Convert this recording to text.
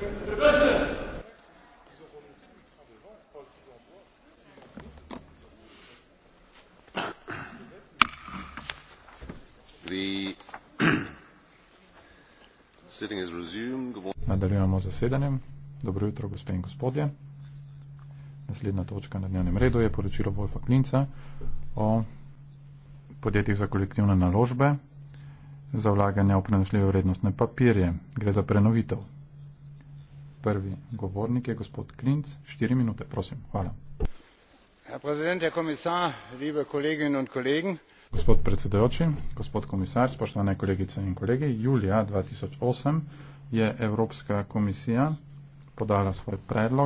Nadaljujemo z zasedanjem. Dobro jutro, gospe in gospodje. Naslednja točka na dnevnem redu je poročilo Wolfa Klinca o podjetjih za kolektivne naložbe za vlaganje v prenosljive vrednostne papirje. Gre za prenovitev. Prvi govornik je gospod Klinc. Štiri minute, prosim. Hvala. Gospod predsedojoči, gospod komisar, spoštovane kolegice in kolegi, julija 2008 je Evropska komisija podala svoj predlog.